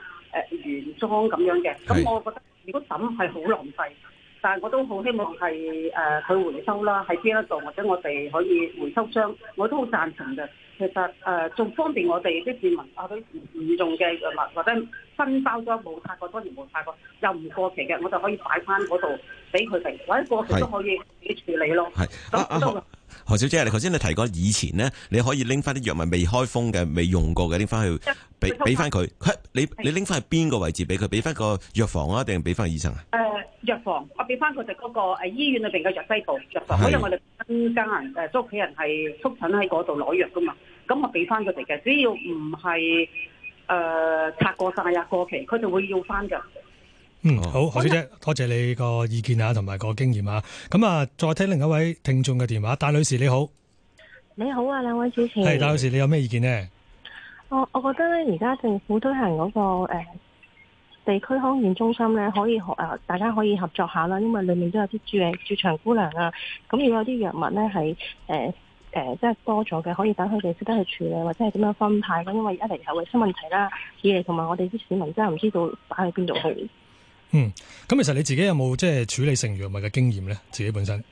誒原裝咁樣嘅。咁我覺得如果抌係好浪費的。但我都好希望係誒去回收啦，喺邊一度或者我哋可以回收箱，我都好贊成嘅。其實誒仲、呃、方便我哋啲市民啊，佢唔用嘅或或者新包裝，冇拆過，多年冇拆過又唔過期嘅，我就可以擺翻嗰度俾佢哋，或者過期都可以自己處理咯。何小姐，你頭先你提過以前咧，你可以拎翻啲藥物未開封嘅、未用過嘅拎翻去俾俾翻佢。佢的你你拎翻去邊個位置俾佢？俾翻個藥房啊，定俾翻醫生啊？誒、呃，藥房，我俾翻佢哋嗰個誒醫院裏邊嘅藥劑部藥房，因為的我哋間人誒租屋企人係復診喺嗰度攞藥噶嘛，咁我俾翻佢哋嘅，只要唔係誒拆過晒啊過期，佢就會要翻噶。嗯，好，何小、嗯、好姐，多謝你個意見啊，同埋個經驗啊。咁啊，再聽另一位聽眾嘅電話，戴女士你好。你好啊，兩位主持。係戴女士，你有咩意見呢？我我覺得咧，而家政府推行嗰個誒地區康健中心咧，可以誒，大家可以合作下啦。因為裡面都有啲住誒住場姑娘啊，咁如果有啲藥物咧係誒誒，即係、呃呃、多咗嘅，可以等佢哋識得去處理，或者係點樣分派。因為一嚟係衛生問題啦，二嚟同埋我哋啲市民真係唔知道擺去邊度去。嗯，咁其實你自己有冇即係處理剩餘藥物嘅經驗咧？自己本身，誒、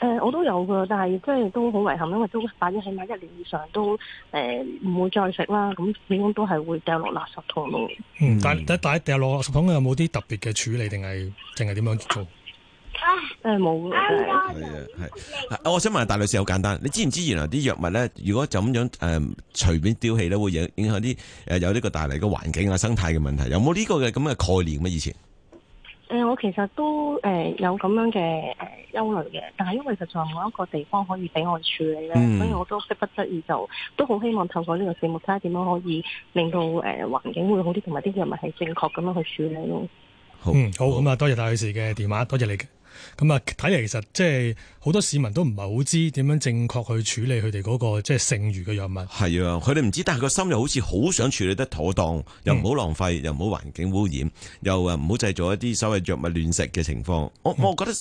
呃，我都有噶，但係即係都好遺憾，因為都反正起碼一年以上都誒唔、呃、會再食啦，咁始終都係會掉落垃圾桶咯、嗯。但但係掉落垃圾桶有冇啲特別嘅處理定係淨係點樣做？誒冇、呃。係是、啊、我想問大女士，好簡單，你知唔知道原來啲藥物咧，如果就咁樣誒隨、呃、便丟棄咧，會影響啲誒有呢個大嚟嘅環境啊、生態嘅問題？有冇呢個嘅咁嘅概念咩？以前？誒，我其實都誒有咁樣嘅誒憂慮嘅，但係因為實在冇一個地方可以俾我處理咧，嗯、所以我都迫不得已就都好希望透過呢個節目睇下點樣可以令到誒環、呃、境會好啲，同埋啲藥物係正確咁樣去處理咯好。好，嗯，好，咁啊，多謝戴女士嘅電話，多謝你嘅。咁啊，睇嚟其實即係好多市民都唔係好知點樣正確去處理佢哋嗰個即係剩餘嘅藥物。係啊，佢哋唔知，但係個心又好似好想處理得妥當，又唔好浪費，又唔好環境污染，又啊唔好製造一啲所謂藥物亂食嘅情況。我我覺得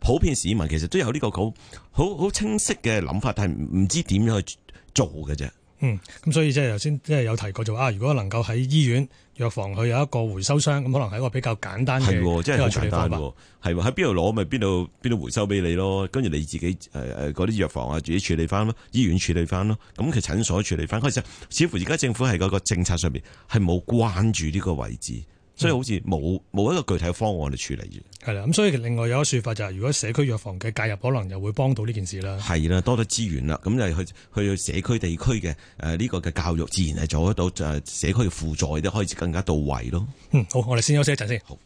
普遍市民其實都有呢個好好好清晰嘅諗法，但係唔唔知點樣去做嘅啫。嗯，咁所以即係頭先即係有提過就話啊，如果能夠喺醫院藥房佢有一個回收箱，咁可能係一個比較簡單嘅處理方法。係喎，喺邊度攞咪邊度邊度回收俾你咯，跟住你自己誒誒嗰啲藥房啊自己處理翻咯，醫院處理翻咯，咁其實診所處理翻。其實似乎而家政府係嗰個政策上面係冇關注呢個位置，所以好似冇冇一個具體嘅方案去處理嘅。嗯，係啦。咁所以另外有一個說法就係，如果社區藥房嘅介入，可能又會幫到呢件事啦。係啦，多咗資源啦，咁就係去去社區地區嘅誒呢個嘅教育，自然係做得到就係社區嘅輔助都開始更加到位咯。嗯，好，我哋先休息一陣先。好。